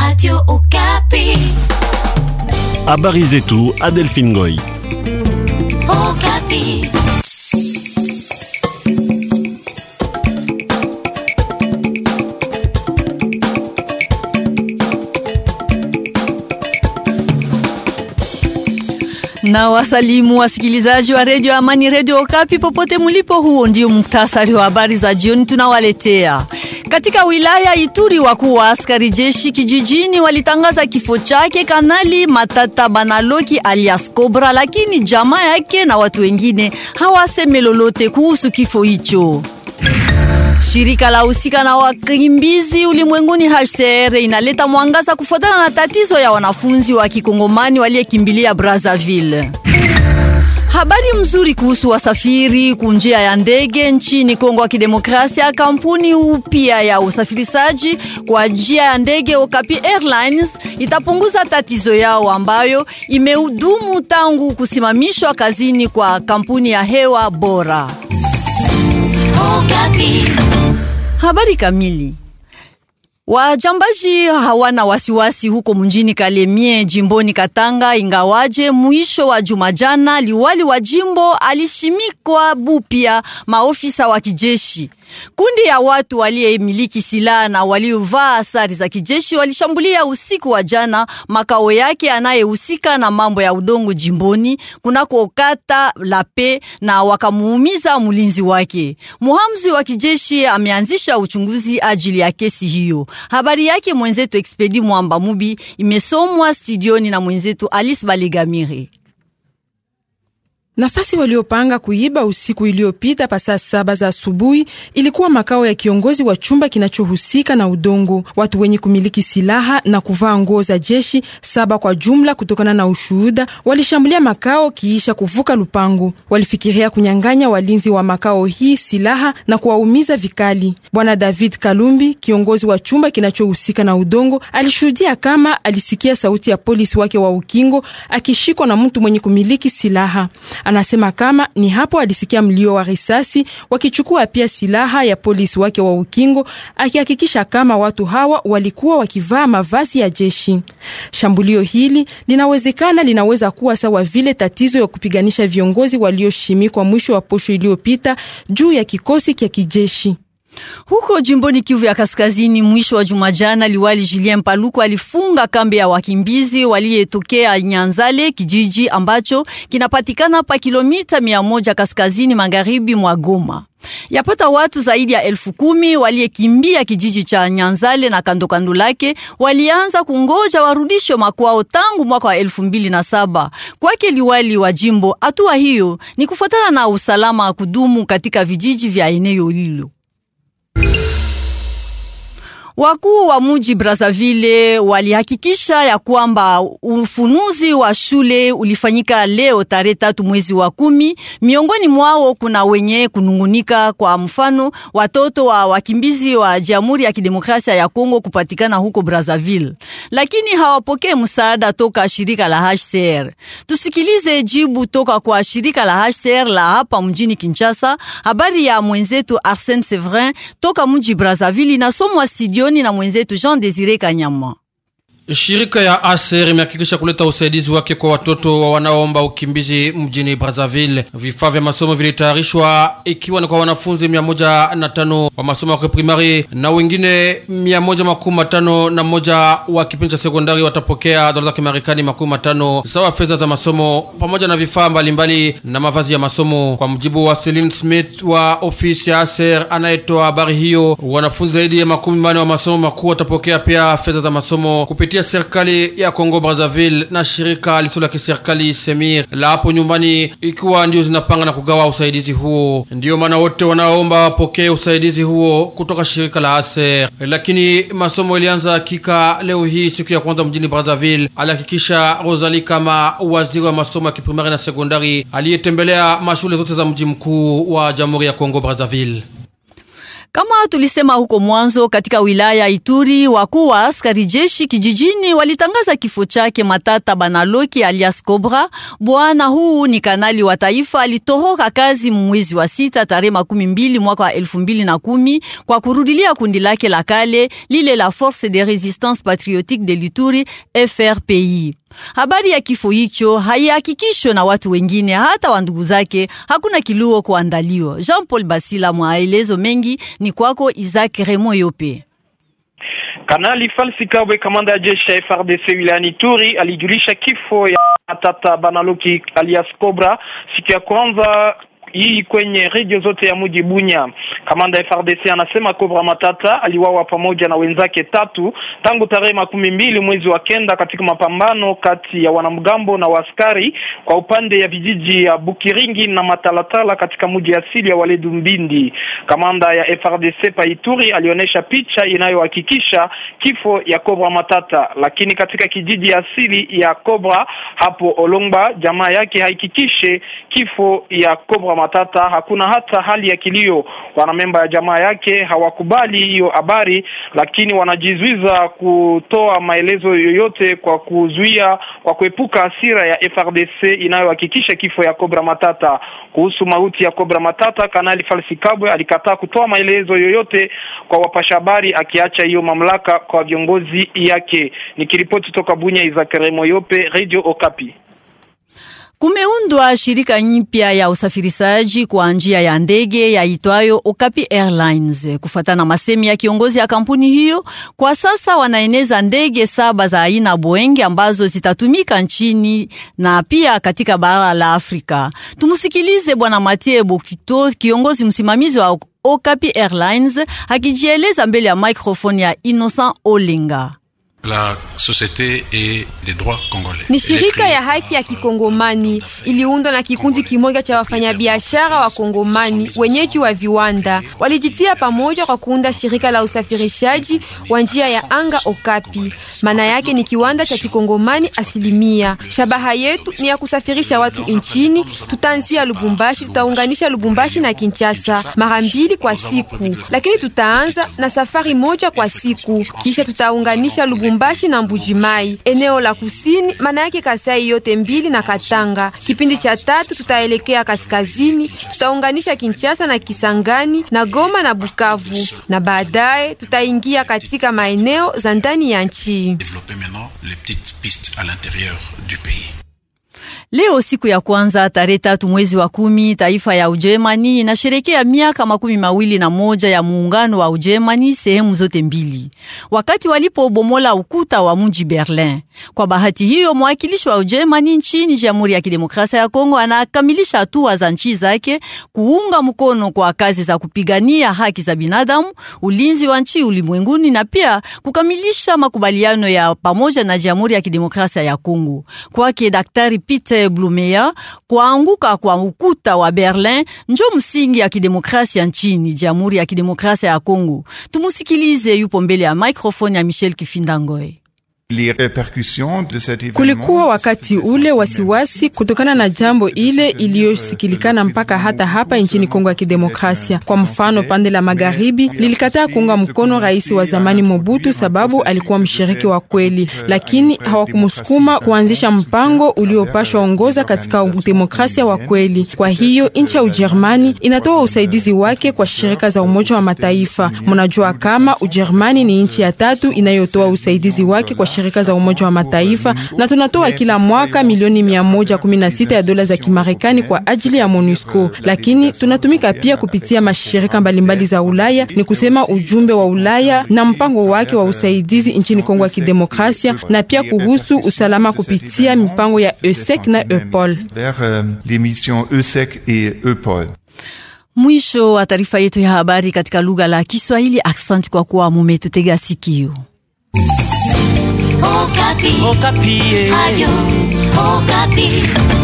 Radio Okapi. Habari zetu Adelphine Goy. Okapi. Na wasalimu wasikilizaji wa redio Amani, redio Okapi popote mulipo. Huo ndio muktasari wa habari za jioni tunawaletea. Katika wilaya Ituri, wakuu wa askari jeshi kijijini walitangaza kifo chake Kanali Matata Banaloki alias kobra lakini jamaa yake na watu wengine hawaseme lolote kuhusu kifo hicho. Shirika la husika na wakimbizi ulimwenguni HCR inaleta mwangaza kufuatana na tatizo ya wanafunzi wa Kikongomani waliyekimbilia Brazzaville. Habari mzuri kuhusu wasafiri kunjia ya ndege nchini Kongo ya Kidemokrasia. Kampuni upya ya usafirishaji kwa njia ya ndege Okapi Airlines itapunguza tatizo yao ambayo imehudumu tangu kusimamishwa kazini kwa kampuni ya hewa bora Okapi. Habari kamili Wajambaji hawana wasiwasi huko mjini Kalemie jimboni Katanga, ingawaje mwisho wa jumajana liwali wa jimbo alishimikwa bupya maofisa wa kijeshi. Kundi ya watu waliyemiliki silaha na waliovaa asari za kijeshi walishambulia usiku wa jana makao yake anayehusika na mambo ya udongo jimboni kunako kata la Pe na wakamuumiza mlinzi wake. Muhamzi wa kijeshi ameanzisha uchunguzi ajili ya kesi hiyo. Habari yake mwenzetu Expedi Mwamba Mubi imesomwa studioni na mwenzetu Alice Baligamire. Nafasi waliopanga kuiba usiku iliyopita pa saa saba za asubuhi ilikuwa makao ya kiongozi wa chumba kinachohusika na udongo. Watu wenye kumiliki silaha na kuvaa nguo za jeshi saba kwa jumla, kutokana na ushuhuda, walishambulia makao kiisha kuvuka lupango. Walifikiria kunyang'anya walinzi wa makao hii silaha na kuwaumiza vikali. Bwana David Kalumbi, kiongozi wa chumba kinachohusika na udongo, alishuhudia kama alisikia sauti ya polisi wake wa ukingo akishikwa na mtu mwenye kumiliki silaha. Anasema kama ni hapo alisikia mlio wa risasi wakichukua pia silaha ya polisi wake wa ukingo, akihakikisha kama watu hawa walikuwa wakivaa mavazi ya jeshi. Shambulio hili linawezekana linaweza kuwa sawa vile tatizo ya kupiganisha viongozi walioshimikwa mwisho wa posho iliyopita juu ya kikosi cha kijeshi. Huko jimboni Kivu ya Kaskazini, mwisho wa juma jana, liwali Julien Paluku alifunga kambi ya wakimbizi waliyetokea Nyanzale, kijiji ambacho kinapatikana pa kilomita mia moja kaskazini magharibi mwa Goma. Yapata watu zaidi ya elfu kumi waliyekimbia kijiji cha Nyanzale na kandokando lake walianza kungoja warudishwe makwao tangu mwaka wa elfu mbili na saba. Kwake liwali wa jimbo, hatua hiyo ni kufuatana na usalama wa kudumu katika vijiji vya eneo hilo. Wakuu wa muji Brazzaville walihakikisha ya kwamba ufunuzi wa shule ulifanyika leo tarehe tatu mwezi wa kumi. Miongoni mwao kuna wenye kunungunika, kwa mfano watoto wa wakimbizi wa Jamhuri ya Kidemokrasia ya Kongo kupatikana huko Brazzaville, lakini hawapokee msaada toka shirika la HCR. Tusikilize jibu toka kwa shirika la HCR la hapa mjini Kinshasa. Habari ya mwenzetu arsène Severin toka muji Brazzaville inasomwa studio jioni na mwenzetu Jean Désiré Kanyama. Shirika ya ASER imehakikisha kuleta usaidizi wake kwa watoto wa wanaoomba ukimbizi mjini Brazzaville. Vifaa vya masomo vilitayarishwa ikiwa ni kwa wanafunzi mia na tano wa masomo ya primari na wengine mia moja na moja wa kipindi cha sekondari watapokea dola za Kimarekani makumi matano sawa fedha za masomo pamoja na vifaa mbalimbali na mavazi ya masomo. Kwa mujibu wa Celine Smith wa ofisi ya ASER anayetoa habari hiyo, wanafunzi zaidi ya makumi wa masomo makuu watapokea pia fedha za masomo kupitia kupitia serikali ya Kongo Brazzaville na shirika lisilo la kiserikali Semir la hapo nyumbani, ikiwa ndio zinapanga na kugawa usaidizi huo. Ndiyo maana wote wanaomba wapokee usaidizi huo kutoka shirika la Aser. Lakini masomo ilianza hakika leo hii siku ya kwanza mjini Brazzaville, alihakikisha Rosalie kama waziri wa masomo ya kiprimari na sekondari aliyetembelea mashule zote za mji mkuu wa Jamhuri ya Kongo Brazzaville. Kama tulisema huko mwanzo, katika wilaya Ituri, wakuu wa askari jeshi kijijini walitangaza kifo chake Matata Banaloki alias Cobra. Bwana huu ni kanali wa taifa, alitohoka kazi mwezi wa sita tarehe makumi mbili mwaka wa elfu mbili na kumi kwa kurudilia kundi lake la kale lile la Force de Resistance Patriotique de l'Ituri, FRPI. Habari ya kifo hicho haihakikishwe na watu wengine, hata wa ndugu zake. Hakuna kiluo kuandaliwa. Jean Paul Basila, mwaelezo mengi ni kwako, Isaac Remo Yope. Kanali Falsi Kabwe, kamanda ya jeshi ya FRDC wilayani Turi, alijulisha kifo ya Tata Banaluki alias Cobra siku ya kwanza hii kwenye redio zote ya mji Bunya. Kamanda FRDC anasema kobra Matata aliwawa pamoja na wenzake tatu tangu tarehe makumi mbili mwezi wa kenda katika mapambano kati ya wanamgambo na waskari kwa upande ya vijiji ya Bukiringi na Matalatala katika mji asili ya Waledu Mbindi. Kamanda ya FRDC Paituri alionyesha picha inayohakikisha kifo ya kobra Matata, lakini katika kijiji asili ya kobra hapo Olongba, jamaa yake haikikishe kifo ya Matata. Matata hakuna hata hali ya kilio. Wanamemba ya jamaa yake hawakubali hiyo habari, lakini wanajizuiza kutoa maelezo yoyote kwa kuzuia, kwa kuepuka hasira ya FRDC inayohakikisha kifo ya Cobra Matata. Kuhusu mauti ya Cobra Matata, Kanali Falsi Kabwe alikataa kutoa maelezo yoyote kwa wapasha habari, akiacha hiyo mamlaka kwa viongozi yake. Nikiripoti toka Bunya, Izakare Moyope, Radio Okapi. Kumeundwa shirika nyipya ya usafirishaji kwa njia ya ndege yaitwayo Okapi Airlines. Kufuatana na masemi ya kiongozi ya kampuni hiyo, kwa sasa wanaeneza ndege saba za aina Boeing ambazo zitatumika nchini na pia katika bara la Afrika. Tumusikilize Bwana Matie Bokito, kiongozi msimamizi wa Okapi Airlines, akijieleza mbele ya microphone ya Innocent Olinga la société et les droits congolais. Ni shirika ya haki ya euh, kikongomani iliundwa na kikundi kimoja cha wafanyabiashara wa kongomani wenyeji wa viwanda, walijitia pamoja kwa kuunda shirika la usafirishaji wa njia ya anga Okapi. Maana yake ni kiwanda cha kikongomani asilimia. Shabaha yetu ni ya kusafirisha watu nchini. Tutaanzia Lubumbashi, tutaunganisha Lubumbashi na Kinshasa mara mbili kwa siku, lakini tutaanza na safari moja kwa siku, kisha tutaunganisha Lubumbashi Lubumbashi na Mbujimai, eneo la kusini, maana yake Kasai yote mbili na Katanga. Kipindi cha tatu tutaelekea kaskazini, tutaunganisha Kinshasa na Kisangani na Goma na Bukavu, na baadaye tutaingia katika maeneo za ndani ya nchi. Leo siku ya kwanza tarehe tatu mwezi wa kumi, taifa ya Ujerumani inasherekea miaka makumi mawili na moja ya muungano wa Ujerumani sehemu zote mbili, wakati walipobomola ukuta wa mji Berlin. Kwa bahati hiyo, mwakilishi wa Ujerumani nchini Jamhuri ya Kidemokrasia ya Kongo anakamilisha hatua za nchi zake kuunga mkono kwa kazi za kupigania haki za binadamu, ulinzi wa nchi ulimwenguni na pia kukamilisha makubaliano ya pamoja na Jamhuri ya Kidemokrasia ya Kongo. Kwake Daktari Peter Marcel Blumea kuanguka kwa ukuta wa Berlin njo msingi ya kidemokrasia nchini Jamhuri ya Kidemokrasia ya Kongo. Tumusikilize, yupo mbele ya microphone ya Michel Kifindangoe. Kulikuwa wakati ule wasiwasi kutokana na jambo ile iliyosikilikana mpaka hata hapa nchini Kongo ya Kidemokrasia. Kwa mfano, pande la magharibi lilikataa kuunga mkono rais wa zamani Mobutu sababu alikuwa mshiriki wa kweli, euh, lakini hawakumsukuma kuanzisha mpango uliopashwa ongoza katika demokrasia wa kweli. Kwa hiyo nchi ya Ujerumani inatoa usaidizi wake kwa shirika za Umoja wa Mataifa. Mnajua kama Ujerumani ni nchi ya tatu inayotoa usaidizi wake kwa shirika za Umoja wa Mataifa na tunatoa kila mwaka milioni 116 ya dola za Kimarekani kwa ajili ya MONUSCO, lakini tunatumika pia kupitia mashirika mbalimbali za Ulaya, ni kusema ujumbe wa Ulaya na mpango wake wa usaidizi nchini Kongo ya Kidemokrasia, na pia kuhusu usalama kupitia mipango ya esec na EUPOL. Mwisho wa taarifa yetu ya habari katika lugha la Kiswahili. Aksanti kwa kuwa mumetutega sikio. Okapi, Okapi, eh. Radio Okapi.